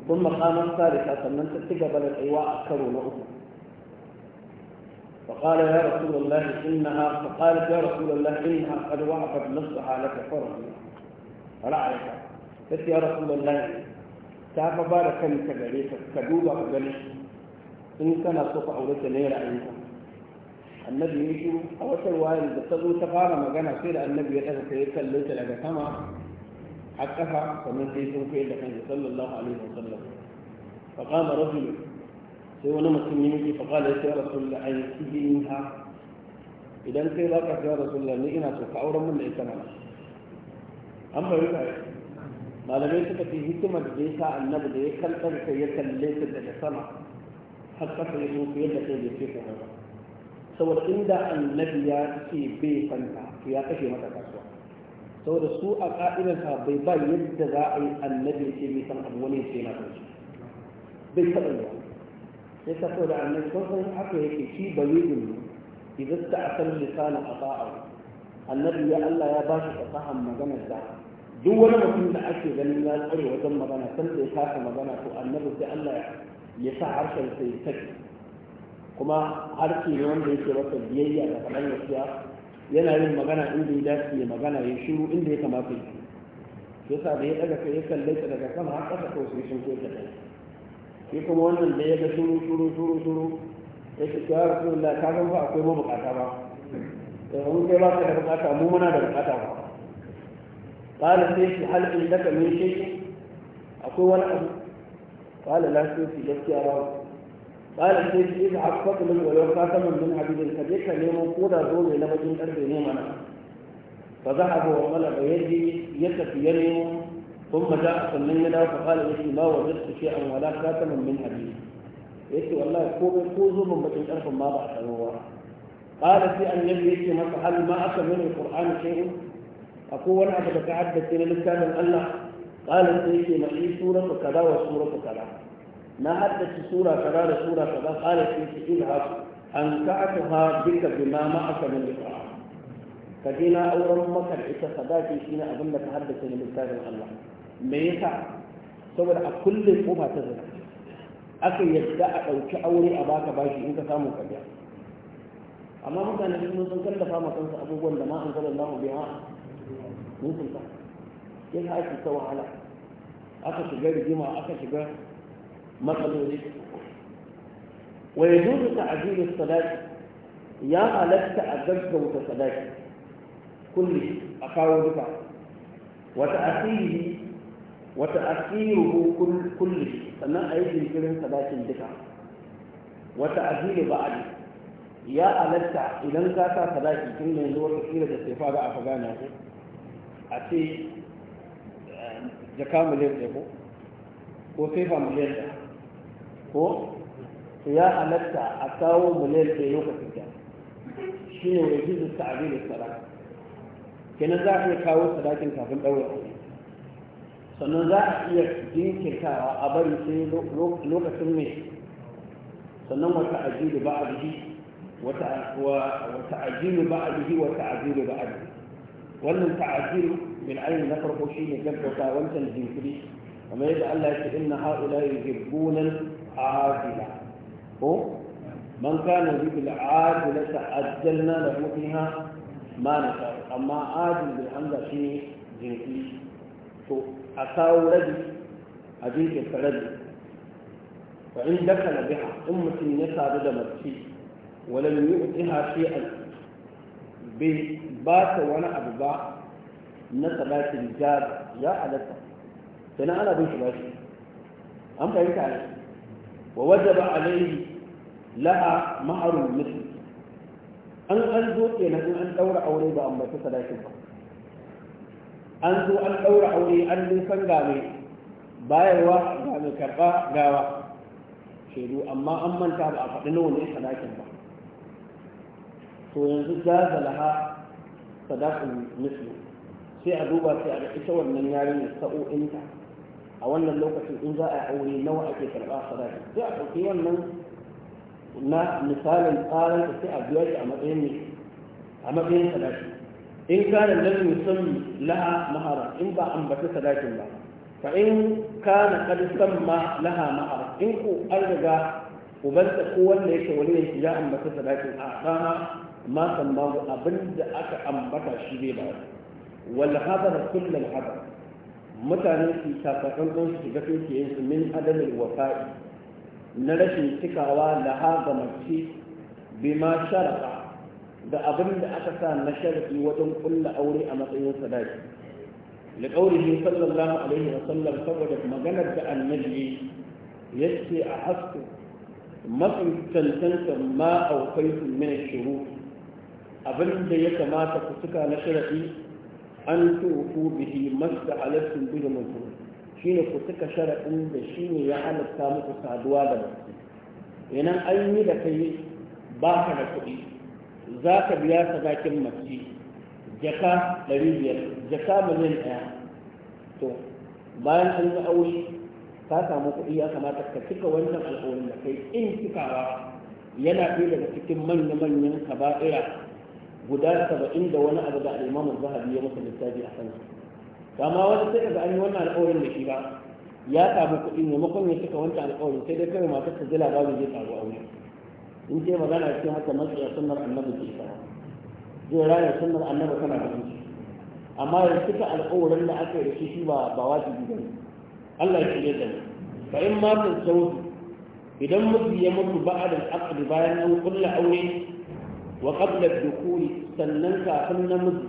kun makaman sarika sannan ta ci gaba da tsayuwa a karo na uku فقال يا رسول الله إنها فقالت يا رسول الله إنها قد وقفت نفسها لك فلا عليك قلت يا رسول الله تعف بارك لك غريك كدوبة غريك إن كان سوف لك نير عنك النبي يجي أو رواية da ta zo ta fara magana sai da annabi ya حقها فمن في سوق إلا صلى الله عليه وسلم فقام رجل سوى نمس منك فقال يا رسول الله أن منها إذا أنت لا يا رسول الله نئنا تفعورا من إيسانا أما يقول ما لم يتك في هكما بجيسا أن نبدأ يكالتر في يكالليس الإحسانا حقا في يسوك يلا كي يسيكو هذا سوى إندا النبي في بيسانا في يأتي متى تسوى saboda su a ka'idar bai ba yadda za a yi annabi ce mai san abu wani ce na kansu bai taɓa yi sai ta da annabi sun san haka yake shi balidin ne idan ta akan lisanin a annabi ya Allah ya ba shi maganar da duk wani mutum da ake ganin ya tsare wajen magana san da ya kasa magana to annabi sai Allah ya sa harshen sai ya kuma harshe ne wanda yake wata biyayya da kalan gaskiya yana yin magana inda ya dace ya magana ya shiru inda ya kamata ya shiru sa da ya daga kai ya kalle ta daga sama har ƙasa ko sai sun kai ta kai shi kuma wannan da ya ga shuru shuru shuru shuru ya ce ya rasulullah ka san ba akwai mabukata ba mun eh, kai ba ka da bukata mu muna da bukata ba qala sai shi hal daka min shi akwai wani abu qala la shi gaskiya ba bayan sai su isa a kwakwalin walau ka sama min abin ka je ka nemo ko da zo ne na bakin karfe ne mana za a gowa mala da yadda ya tafi ya nemo kun ma a sannan ya dawo ka fara ya ce ma wajen su ce wala ka sama min abin ya ce wallahi ko bai ko zo min ma ba a sanar ba bayan sai an yadda ya ce masa hal ma aka mini kur'an ce in a kowane abu da ka haddace na littafin allah bayan sai ya ce ma'i suratu kaza wa suratu kaza na haddace sura kaza da sura kaza qala fi ilha an ka'atuha bika bima ma akala min ka je na auren maka da ita sadaki shine abin da ka haddace ne misalin Allah me yasa saboda a kullum kofa ta zina aka yadda a ɗauki aure a baka bashi in ka samu kabiya amma mutane sun sun kallafa ma kansu abubuwan da ma an zala Allah biha mun sun ta sai ake ta wahala aka shiga rigima aka shiga matsaloli wa ya zuzu ta ajiyar sadaki ya halatta a gaggauta sadaki kulli a kawo duka wata asiri wata asiru kulli sannan a yi jinkirin sadakin duka wata ajiyar ba'adi ya halatta idan ka sa sadaki tun da yanzu wata tsira da sai fara a gane ku? a ce eh, jaka miliyan ɗaya ko sai fa miliyan ɗaya ko ya halatta a kawo miliyan ɗaya lokacin da shi ne wai jizu ta abin da sadaka kenan za a iya kawo sadakin kafin ɗaura aure sannan za a iya jinkirtawa a bari sai lokacin mai sannan wata ajiyu ba a bihi wata ajiyu ba a bihi wata ajiyu ba a bihi wannan ta'ajiyu min ainihin na farko shi ne gaggauta wancan jinkiri kamar yadda Allah ya ce inna ha'ula yuhibbuna عادلة هو من كان يريد العاجلة عجلنا له فيها ما نشاء أما عادل بالحمد شيء جنسي تو أساو رجل أجيك الرجل فإن دخل بها أمة بدا مرسي ولم يؤتها شيئا بات وانا أبباء نسبات الجاد يا على سنة أنا بنت باشي an fahimta ووجب عليه لها مهر مثل an an zo kenan in an daura aure ba an bata sadakin ba an zo an daura aure an nisan ga mai bayarwa ga mai karba gawa shaidu amma an manta ba a faɗi nawa ne sadakin ba to yanzu jaza laha sadakin mislu sai a duba sai a ga ita wannan yarinyar sa'o'inta a wannan lokacin in za a yi aure nawa ake karɓa sadaki sai a ɗauki wannan na misalin tsarin da sai a biya shi a matsayin ne a matsayin sadaki in kana lam yusammi laha mahara in ba ambata sadakin ba fa in kana qad samma laha mahara in ku an riga ubanta ko wanda yake wani ne ya ambata sadakin a sana ma abin da aka ambata shi zai ba wal hadara kullal hadara mutane su takakan don su ga dukiyin su min adalil wafa'i na rashin cikawa da ha ga mace bima sharafa da abin da aka sa na sharafi wajen kulla aure a matsayin sadaki لقوله صلى saboda maganar da سببت ya ce a أحسك mafi cancanta ma aukai min shuru abin da ya kamata ku suka na sharafi an tufu bihi masta halattun bi da shi ne ku suka sharaɗin da shi ne ya halatta muku saduwa da mutum Ina an yi da kai ba ka da kuɗi za ka biya sadakin mace jaka ɗari biyar jaka miliyan ɗaya to bayan an yi aure ka samu kuɗi ya kamata ka cika wannan alƙawarin da kai in cikawa yana ɗaya daga cikin manya-manyan kaba'ira guda saba'in da wani abu da al'imamu zahabi ya masa littafi a kansu kama wani sai kaga an yi wannan alƙawarin da shi ba ya samu kuɗi makon ya cika wancan alƙawarin sai dai kawai matar ta zila babu zai karu aure in ce magana cikin haka matsaya sunnar annabi ke sama zai raya sunnar annabi tana da mutu amma ya cika alƙawarin da aka yi da shi ba ba wajibi ba ne Allah ya shirya da mu fa in ma kun sauki idan mutu ya mutu ba'ad al-aqd bayan an kulla aure wa qabla dukuli sannan kafin namiji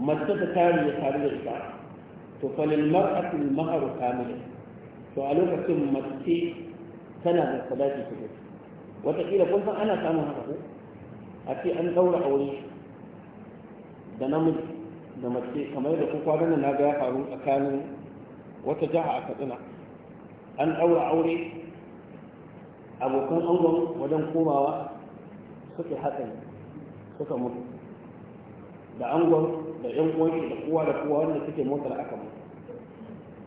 mace ta tare ya tare da ita to falil mar'atu mahar kamila to a lokacin mace tana da sadaki kuma wataƙila kun san ana samun haka ko a ce an daura aure da namiji da mace kamar da kuka, kwanan na ga ya faru tsakanin wata jaha a katsina an daura aure abokan angon wajen komawa suke hatsari suka mutu da angon da yan uwanki da kowa da kowa wanda suke motar aka mutu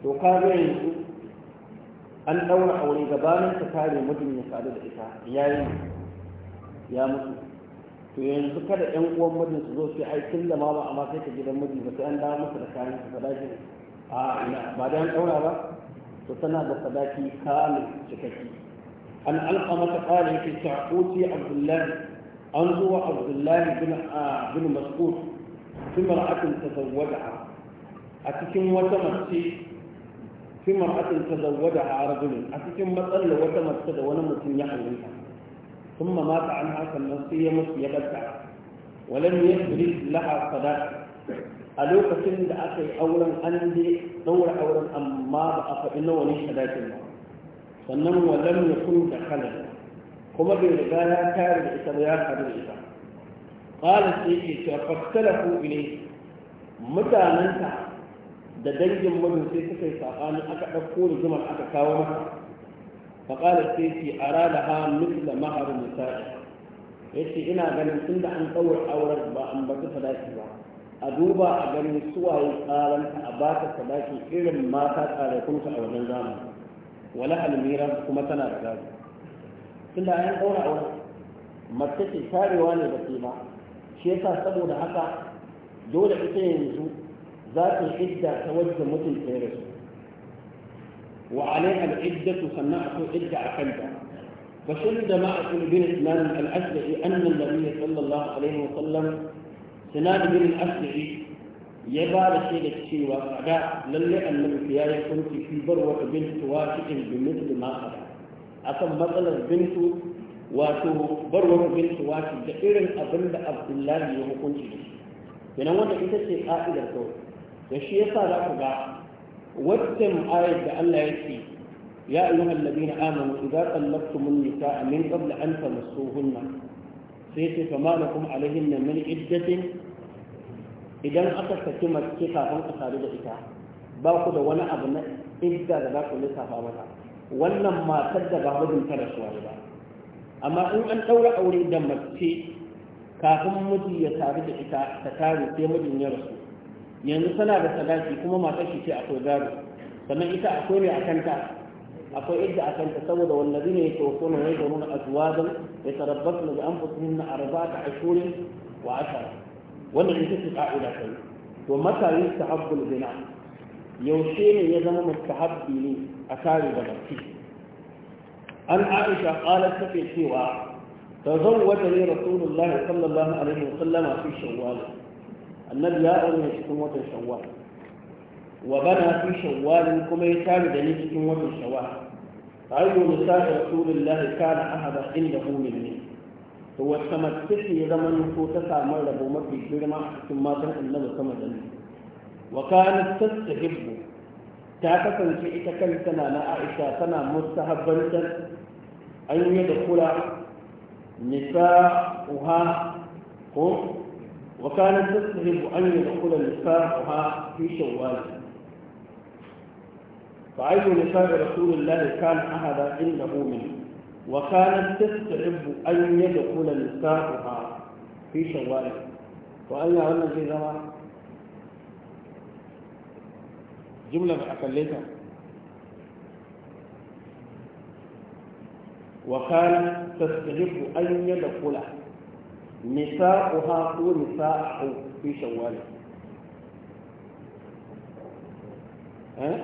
to ka ga yanzu an ɗaura aure gabanin ta kare mutum ya sadu da ita ya yi ya mutu to yanzu kada yan uwan mutum su zo sai ai kin da mama amma sai ka gidan miji ba sai an dawo masa da kayan su sadaki a ina ba da an ɗaura ba to tana da sadaki kamin cikakki an alƙa mata ƙarin ki ta uti abdullahi an zuwa abdullahi bin mas'ud fi mar'atin tazawwadaha a cikin wata mace fi mar'atin tazawwadaha a cikin wata mace da wani mutum ya aure ثم مات عنها كالنصية مسيبتها ولم يخرج لها صداق a lokacin da aka yi auren an je ɗaura auren amma ba a faɗi nawa ne shadakin ba sannan walam ya kun da kuma bai riga ya tare da ita ba ya haɗu da ita ƙalar sai ke cewa faktalafu ne mutanenta da dangin mijin sai suka yi saɓanin aka ɗauko rigimar aka kawo masa faƙalar sai ke da ha misla maharin misali ya ce ina ganin tun da an ɗaura auren ba an ta sadaki ba a duba a ganin suwaye tsaranta a bata sadaki irin mata tsarakunta a wajen zamani wala almira kuma tana da gado tunda an ɗaura aure mace ce tarewa ne da ke ba shi yasa saboda haka dole ita yanzu za ta idda ta wajen mutum ta rasu wa alai al'iddatu sannan akwai idda a kanta فشل جماعة بن سنان الأشجعي أن النبي صلى الله عليه وسلم سنان بن الأشجعي يبار شيء الشيء وقعد للي أن النبي كنت في بروة بنت واشئ بمثل ما قدر akan matsalar bintu wato barwar bintu wato da irin abinda abdullahi ya hukunci da shi kenan wanda ita ce ƙa'idar ta da shi ya sa za ku ga wata ayat da allah ya ce ya yi wa allabi na amin idan tsallaktu mun nisa a min ƙabla an sami sohunna sai ce fa ma da kuma alhin na min iddatin idan aka saki mace kafin a sadu da ita ba ku da wani abu na idda da za ku lissafa mata wannan matar da ba mijinta rasuwa ba amma in an ɗaura aure da mace kafin miji ya taru da ita ta taru sai mijin ya rasu yanzu tana da sadaki kuma matar shi ce akwai gado sannan ita akwai ne a kanta akwai yadda a kanta saboda wallazi ne yake wasu nan yadda a azuwazan ya tarabbatu daga an fusuhin na arba ta ashirin wa ashara wannan ita ce ka'ida kai to mata yi ta yaushe ne ya zama mustahabbi ne a kare da bacci an aisha qalat take cewa tazawwajani rasulullahi sallallahu alaihi wasallam fi shawwal annabi ya aure cikin watan shawwal wa bana fi shawwal kuma ya tare da ni cikin watan shawwal ayyu nisa'i rasulillahi kana ahada indahu minni to wata mace ce ya zama ko ta samu rabo mafi girma cikin matan annabi sama da ni وكانت تستحب تاكفن في إتكال سنة عائشة سنة مستحبة أن يدخل نساؤها وكانت تستحب أن يدخل نساؤها في شوال فعين نساء رسول الله كان أحد إلا منه وكانت تستحب أن يدخل نساؤها في شوال وأن يعلم في ذلك jumlar a kalle ta wa kana tasdiqu an yadkhula nisa'uha ku nisa'u fi shawwal eh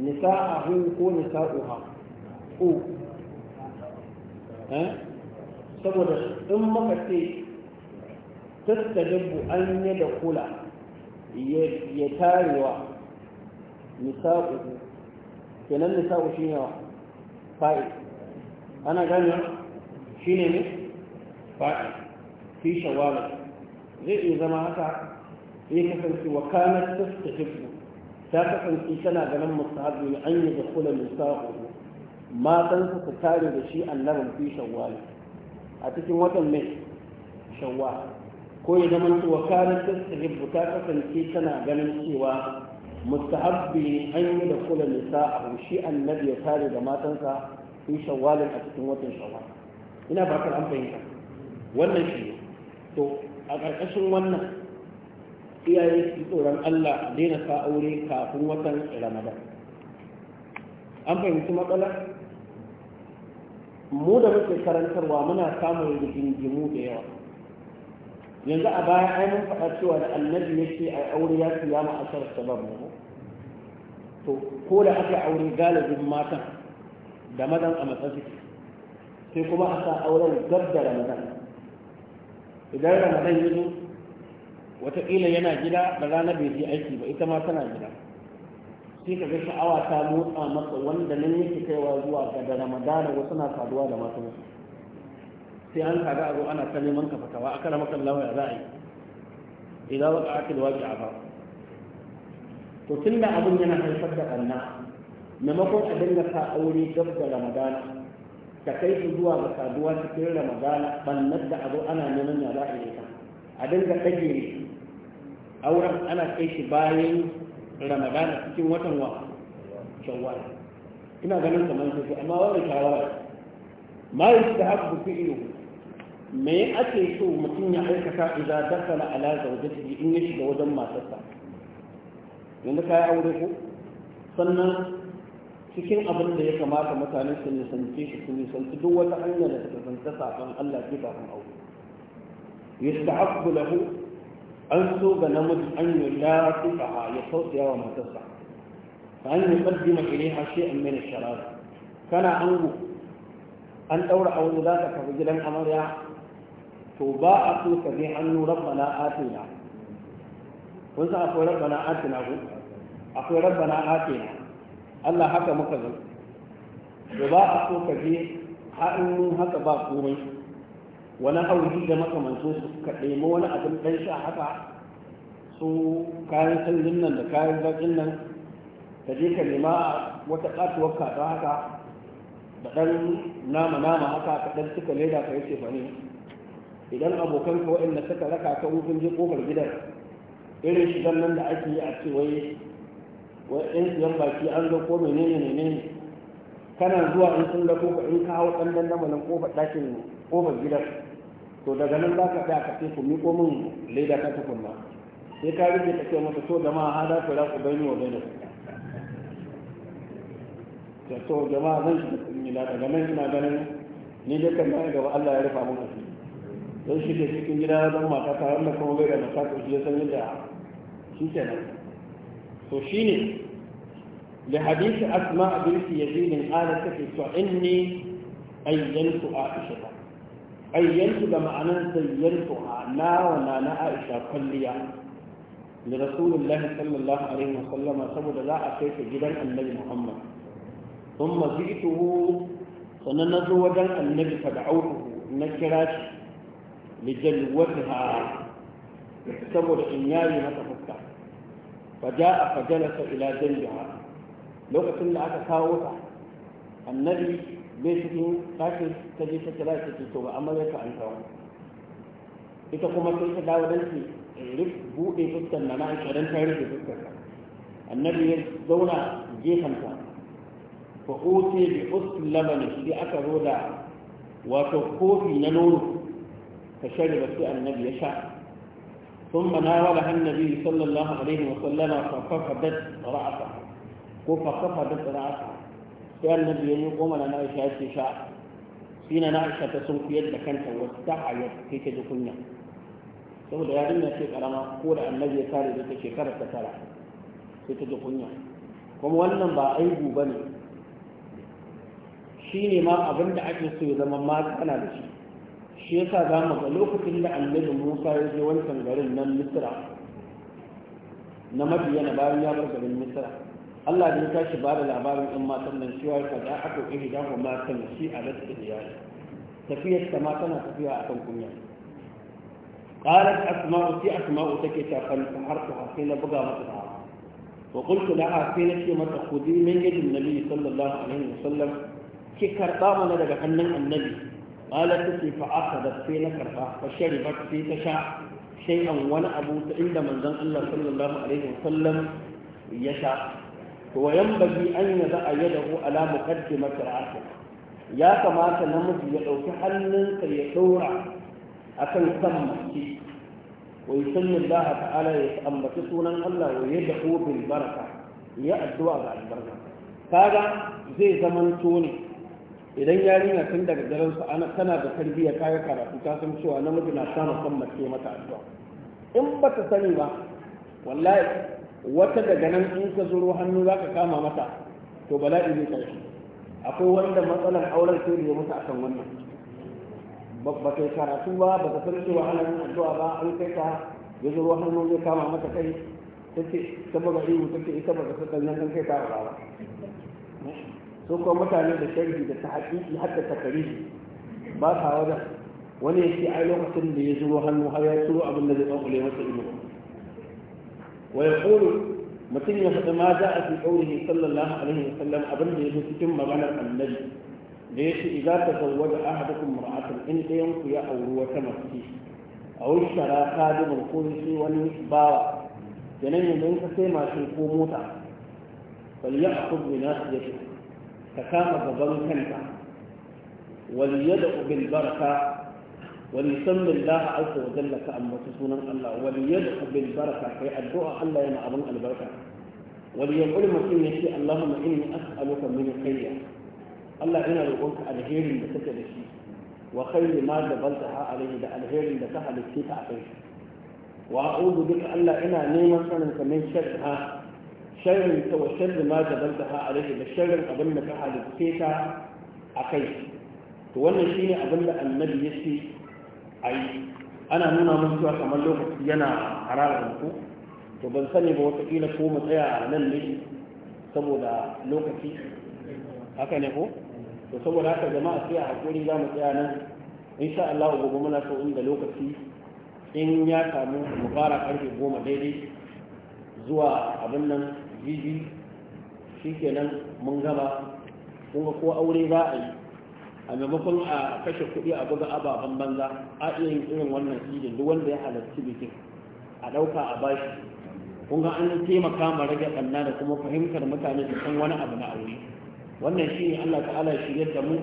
nisa'uhu ku nisa'uha ku eh saboda in muka ce tasdiqu an yadkhula ya tarewa nisa'u kenan nisa'u shi ne fa'i ana gane shi ne ne fa'i fi shawala zai iya zama haka ya kasance wa kanar tattahibu ta kasance tana ganin musahabi ne an yi da kula nisa'u matansa su tare da shi annabin fi shawala a cikin watan mai shawala ko ya zama cewa kanin ta kasance tana ganin cewa mustahabbi ne an yi da kula nisa a shi annabi ya tare da matansa in shawalin a cikin watan shawwal ina ba an fahimta wannan shi ne, to a ƙarƙashin wannan iyaye su tsoron Allah daina sa aure kafin watan Ramadan an fahimci matsala mu da muke karantarwa muna samun rigingimu da yawa yanzu a baya ai mun faɗa cewa da annabi ya yake a aure ya siya a asar sabab ne to ko da aka aure galibin matan da madan a matsayi sai kuma a sa auren gab da ramadan idan ramadan ya zo wataƙila yana gida da rana bai je aiki ba ita ma tana gida sai ka ga sha'awa ta motsa masa wanda nan yake kaiwa zuwa ga da Ramadan wasu na saduwa da matan wasu sai an kaga a zo ana ta neman ka fatawa a rama kan lawaya za a yi idan waka ake da waƙi a ba to tun da abin yana haifar da ƙanna maimakon a dinga sa aure gab da ramadana ta kai su zuwa ga saduwa cikin ramadana ɓannar da abu ana neman ya za a yi ta a dinga ɗage auren ana kai shi bayan ramadana cikin watan wa shawwal ina ganin kamar sosai. amma wani shawara ma yi da haka fi ilu me ake so mutum ya aikata idan dakala ala zawjatihi in ya shiga wajen matarsa yanzu kai aure ko sannan cikin abin da ya kamata mutane su nisanci shi su nisanci duk wata hanya da ta zanta sakon Allah ke kafin aure yasta'abbu lahu an so ga namiji an yi lafiya ya tausaya wa matarsa ta an yi kaddima ilaiha shay'an min ash-sharar kana ango an daura aure za ka kafa gidan amarya to ba a so ka je hannu rabbana atina kun san akwai rabbana atina ko akwai rabbana atina Allah haka muka zo to ba a so ka je hannu haka ba komai wani hauji da makamanto su ka ɗaima wani abin ɗan sha haka su kayan sallin nan da kayan zaƙin nan ka je ka nema wata ƙatuwar kata haka da ɗan nama-nama haka ka ɗan cika leda ka yi ce ba ne idan abokan ka da suka raka ta wufin je kofar gidan irin shigan nan da ake yi a ce wai wa'in ɗan baki an zo ko menene menene kana zuwa in sun da kofa in ka hau ɗan dandamalin kofar ɗakin kofar gidan to daga nan za ka tsaya ka ce ku miƙo min leda ta tukunna sai ka rike ta ce masa to jama'a hada ku ra ku bayani wa bayani to jama'a zan shi da daga nan ina ganin ni dai kan gaba Allah ya rufa mun asiri don ke cikin gida don mata ta wanda kuma bai da na ko shi ya san yadda shi ke nan to shi ne da hadisi asma binti yazid ala take to inni ayyantu aisha ayyantu da ma'anar zayyantu na wa na na aisha kulliya da rasulullahi sallallahu alaihi wasallam saboda za a kai ta gidan annabi muhammad ثم جئته sannan na zo wajen annabi fa da'autu na kira shi لجلوتها سمو الإنياري متفكة فجاء فجلس إلى جنبها لو ta لعك ta النبي بيته تاكل تجيس ثلاثة تتوبة عملك أنت ita kuma sai ta dawo don ki buɗe fuskar na na'aisha don ta rufe fuskar annabi ya zauna gefenta fa sai bi usul labani shi aka zo da wato kofi na nono فشرب سوء النبي يشاء ثم ناولها النبي صلى الله عليه وسلم فخفضت رأسه فخفضت رأسه سوء النبي يقوم لنا عائشة يشاء سينا نعيشة تسوق يد كانت واستحيت في تدخلنا ثم دعالنا شيء على ما قول النبي يساري ذلك شكرة تسارع في تدخلنا kuma wannan ba aibu ba ne shi ne ma abin da ake so ya zama ma kana da shi shi yasa za mu ga lokacin da annabi musa ya je wancan garin nan Misira na madiyana bayan ya bar garin Misira? allah da ya tashi ba da labarin ɗan matan nan cewa ya faɗa aka ƙi da kuma matan shi a latsa da yari tafiyar ta ma tana tafiya a kan kunya قالت أسماء في أسماء تكتا فانتحرتها حين بقى مطلعها وقلت لها في نفسي ما تأخذي من يد النبي صلى الله عليه وسلم كي كرطامنا daga hannun annabi. ƙala take fa da sai na karɓa fa shariba sai ta sha sai an wani abu ta inda manzon Allah sallallahu alaihi wa sallam ya sha to wayan bagi an ya da ayyada ko ala muqaddimat ra'ati ya kamata na namiji ya ɗauki hannun ya dora akan san mace wa yusallallahu ta'ala ya ambaci sunan Allah wa da obin bil baraka ya addu'a ga albarka kaga zai zamanto tone idan yarinya tun daga daransu ana tana da tarbiyya kaya karatu ta san cewa namiji na samun san mace mata addu'a in ba ta sani ba wallahi wata daga nan in ka zuro hannu za ka kama mata to bala'i zai ƙarshe akwai wanda matsalar auren sai da ya mutu akan wannan ba kai karatu ba ba ta san cewa ana yin addu'a ba an kai ta ya zuro hannu zai kama mata kai ta ce ta baga ta ce ita ba ta san kai ta ba su kuma mutane da sharhi da ta haƙiƙi har da takarihi ba sa wajen wani ya ce ai lokacin da ya zuro hannu har ya turo abin da zai ɗaukule masa ido wa ya ƙoro mutum ya faɗi ma za a fi ƙaurihi sallallahu alaihi wa sallam abin da ya zo cikin maganar annabi da ya ce idan ta zawwaja ahadukum mar'atan in ɗayan ku ya auri wata mace a wani shara kadibin ko sai wani bawa kenan yanzu in ka sai mashin ko mota bal ya akhudh bi nasiyatihi ka kama gaban kanka Wani yad'u bil baraka wal yusammi Allah azza wa sunan Allah wal baraka kai addu'a Allah yana abin albarka ya yaqul mutum ya Allahumma inni as'aluka min khayr Allah ina roƙonka alherin da kake da shi wa khayr ma dabaltaha alayhi da alherin da ka halitta ta akai wa a'udhu bika Allah ina neman sanin ka min sharriha sharrin ta wa da ma da zanta ha da sharrin abin da ka halitta ta a kai to wannan shi ne abin da annabi ya ce a yi ana nuna mun cewa kamar lokaci yana hararar ku to ban sani ba watakila ko mu tsaya nan ne saboda lokaci haka ne ko to saboda haka jama'a sai a hakuri za mu tsaya nan insha Allah gobe muna so inda lokaci in ya samu mu fara karfe goma daidai zuwa abin nan jiji shi kenan mun gaba kun ko aure za a yi a maimakon a kashe kuɗi a buga ababen banza a iya yin irin wannan idin duk wanda ya halarci bikin a ɗauka a bashi kun ga an taimaka ma rage ɓanna da kuma fahimtar mutane da san wani abu na aure wannan shi ne allah ta'ala shi yadda mu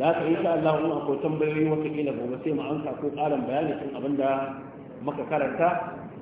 da yi insha allah in akwai tambayoyi wata kila gobe sai mu amsa ko ƙarin bayani sun abin da muka karanta